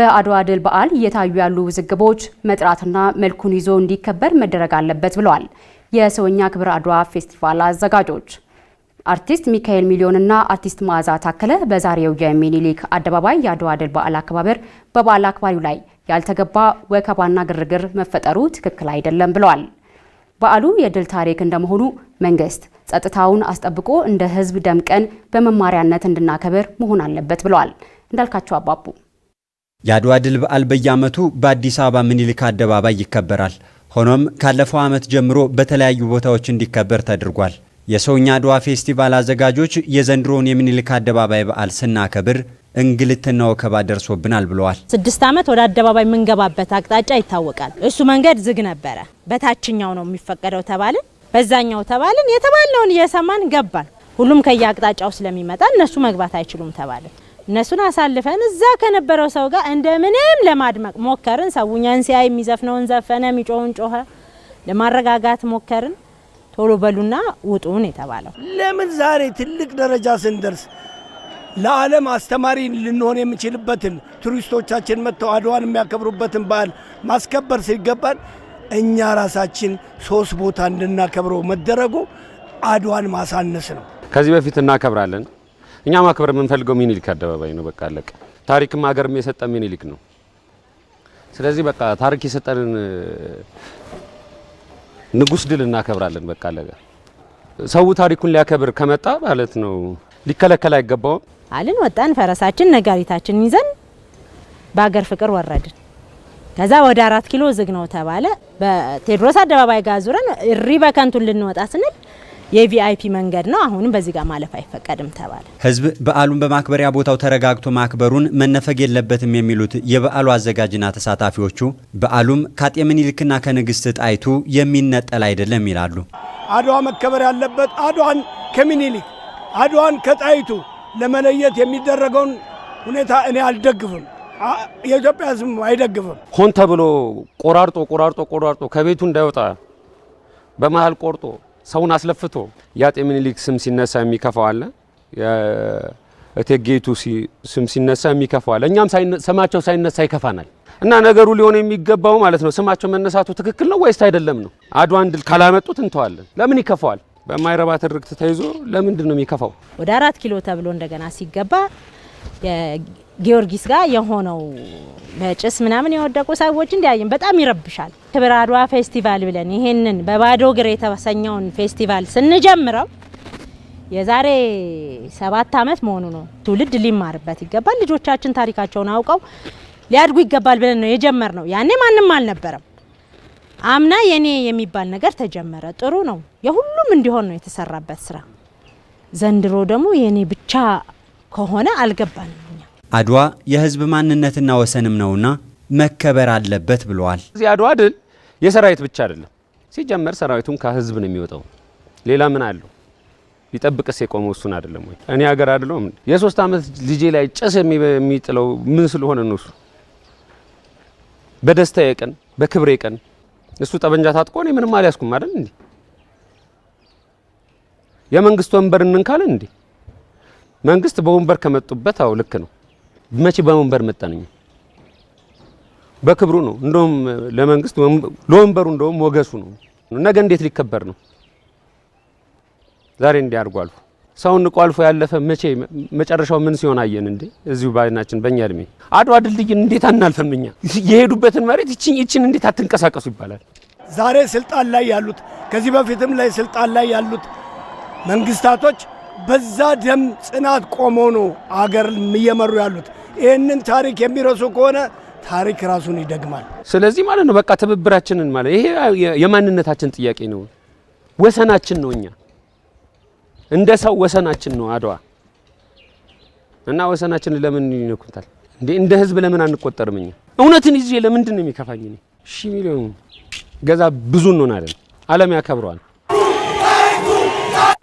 በአድዋ ድል በዓል እየታዩ ያሉ ውዝግቦች መጥራትና መልኩን ይዞ እንዲከበር መደረግ አለበት ብለዋል የሰውኛ ክብር አድዋ ፌስቲቫል አዘጋጆች። አርቲስት ሚካኤል ሚሊዮንና አርቲስት መዓዛ ታከለ በዛሬው የሚኒሊክ አደባባይ የአድዋ ድል በዓል አከባበር በበዓል አክባሪው ላይ ያልተገባ ወከባና ግርግር መፈጠሩ ትክክል አይደለም ብለዋል። በዓሉ የድል ታሪክ እንደመሆኑ መንግስት ጸጥታውን አስጠብቆ እንደ ህዝብ ደምቀን በመማሪያነት እንድናከብር መሆን አለበት ብለዋል። እንዳልካቸው አባቡ የአድዋ ድል በዓል በየዓመቱ በአዲስ አበባ ምኒልክ አደባባይ ይከበራል። ሆኖም ካለፈው ዓመት ጀምሮ በተለያዩ ቦታዎች እንዲከበር ተደርጓል። የሰውኛ አድዋ ፌስቲቫል አዘጋጆች የዘንድሮውን የምኒልክ አደባባይ በዓል ስናከብር እንግልትና ወከባ ደርሶብናል ብለዋል። ስድስት ዓመት ወደ አደባባይ የምንገባበት አቅጣጫ ይታወቃል። እሱ መንገድ ዝግ ነበረ። በታችኛው ነው የሚፈቀደው ተባልን፣ በዛኛው ተባልን፣ የተባልነውን እየሰማን ገባን። ሁሉም ከየአቅጣጫው ስለሚመጣ እነሱ መግባት አይችሉም ተባልን። እነሱን አሳልፈን እዛ ከነበረው ሰው ጋር እንደምንም ለማድመቅ ሞከርን። ሰውኛን ሲያይ የሚዘፍነውን ዘፈነ፣ የሚጮውን ጮኸ። ለማረጋጋት ሞከርን። ቶሎ በሉና ውጡን የተባለው ለምን ዛሬ ትልቅ ደረጃ ስንደርስ ለዓለም አስተማሪ ልንሆን የምችልበትን ቱሪስቶቻችን መጥተው አድዋን የሚያከብሩበትን በዓል ማስከበር ሲገባን እኛ ራሳችን ሶስት ቦታ እንድናከብረው መደረጉ አድዋን ማሳነስ ነው። ከዚህ በፊት እናከብራለን እኛ ማክበር የምንፈልገው ሚኒሊክ አደባባይ ነው። በቃ አለቀ። ታሪክም ሀገርም የሰጠ ሚኒሊክ ነው። ስለዚህ በቃ ታሪክ የሰጠንን ንጉስ ድል እናከብራለን። በቃ አለቀ። ሰው ታሪኩን ሊያከብር ከመጣ ማለት ነው ሊከለከል አይገባውም። አልን ወጣን፣ ፈረሳችን ነጋሪታችን ይዘን በሀገር ፍቅር ወረድን። ከዛ ወደ አራት ኪሎ ዝግ ነው ተባለ። በቴዎድሮስ አደባባይ ጋር ዙረን እሪ በከንቱን ልንወጣ ስንል የቪአይፒ መንገድ ነው፣ አሁንም በዚህ ጋር ማለፍ አይፈቀድም ተባለ። ህዝብ በዓሉን በማክበሪያ ቦታው ተረጋግቶ ማክበሩን መነፈግ የለበትም የሚሉት የበዓሉ አዘጋጅና ተሳታፊዎቹ በዓሉም ከአጤ ምኒልክና ከንግስት ጣይቱ የሚነጠል አይደለም ይላሉ። አድዋ መከበር ያለበት አድዋን ከምኒልክ አድዋን ከጣይቱ ለመለየት የሚደረገውን ሁኔታ እኔ አልደግፍም። የኢትዮጵያ ህዝብ አይደግፍም። ሆን ተብሎ ቆራርጦ ቆራርጦ ቆራርጦ ከቤቱ እንዳይወጣ በመሀል ቆርጦ ሰውን አስለፍቶ የአጤ ምኒልክ ስም ሲነሳ የሚከፋው አለ፣ እቴጌይቱ ስም ሲነሳ የሚከፋው አለ። እኛም ስማቸው ሳይነሳ ይከፋናል። እና ነገሩ ሊሆን የሚገባው ማለት ነው ስማቸው መነሳቱ ትክክል ነው ወይስ አይደለም ነው። አድዋን ድል ካላመጡት እንተዋለን። ለምን ይከፋዋል? በማይረባ ትርክት ተይዞ ለምንድን ነው የሚከፋው? ወደ አራት ኪሎ ተብሎ እንደገና ሲገባ ጊዮርጊስ ጋር የሆነው በጭስ ምናምን የወደቁ ሰዎች እንዲያየን በጣም ይረብሻል። ክብር አድዋ ፌስቲቫል ብለን ይሄንን በባዶ እግር የተሰኘውን ፌስቲቫል ስንጀምረው የዛሬ ሰባት ዓመት መሆኑ ነው። ትውልድ ሊማርበት ይገባል። ልጆቻችን ታሪካቸውን አውቀው ሊያድጉ ይገባል ብለን ነው የጀመር ነው። ያኔ ማንም አልነበረም። አምና የኔ የሚባል ነገር ተጀመረ። ጥሩ ነው። የሁሉም እንዲሆን ነው የተሰራበት ስራ። ዘንድሮ ደግሞ የኔ ብቻ ከሆነ አልገባንም። አድዋ የህዝብ ማንነትና ወሰንም ነውና መከበር አለበት ብለዋል። እዚህ አድዋ ድል የሰራዊት ብቻ አይደለም። ሲጀመር ሰራዊቱን ከህዝብ ነው የሚወጣው። ሌላ ምን አለው? ሊጠብቅስ የቆመው እሱን አይደለም ወይ? እኔ ሀገር አይደለም የሶስት ዓመት ልጄ ላይ ጭስ የሚጥለው ምን ስለሆነ ነው? እሱ በደስታዬ ቀን በክብሬ ቀን እሱ ጠበንጃ ታጥቆ እኔ ምንም አልያዝኩም አይደል እንዴ? የመንግስት ወንበር እንንካለን እንዴ? መንግስት በወንበር ከመጡበት አው ልክ ነው። መቼ በወንበር መጣነኝ? በክብሩ ነው። እንደውም ለመንግስት ለወንበሩ እንደውም ወገሱ ነው። ነገ እንዴት ሊከበር ነው? ዛሬ እንዲህ አድርጎ አልፎ ሰውን ንቆ አልፎ ያለፈ መቼ መጨረሻው ምን ሲሆን አየን እንዴ? እዚሁ ባይናችን በእኛ እድሜ አድዋ ድልድይን እንዴት አናልፍም? እኛ የሄዱበትን መሬት ይችን ይችን እንዴት አትንቀሳቀሱ ይባላል። ዛሬ ስልጣን ላይ ያሉት ከዚህ በፊትም ላይ ስልጣን ላይ ያሉት መንግስታቶች በዛ ደም ጽናት ቆመው ነው አገር እየመሩ ያሉት። ይህንን ታሪክ የሚረሱ ከሆነ ታሪክ ራሱን ይደግማል። ስለዚህ ማለት ነው በቃ ትብብራችንን ማለት ይሄ የማንነታችን ጥያቄ ነው፣ ወሰናችን ነው። እኛ እንደ ሰው ወሰናችን ነው አድዋ እና ወሰናችን ለምን ይነኩታል እንደ ህዝብ ለምን አንቆጠርም? እኛ እውነትን ይዤ ለምንድን ነው የሚከፋኝ? ሺ ሚሊዮን ገዛ ብዙ እንሆናለን፣ አለም ያከብረዋል።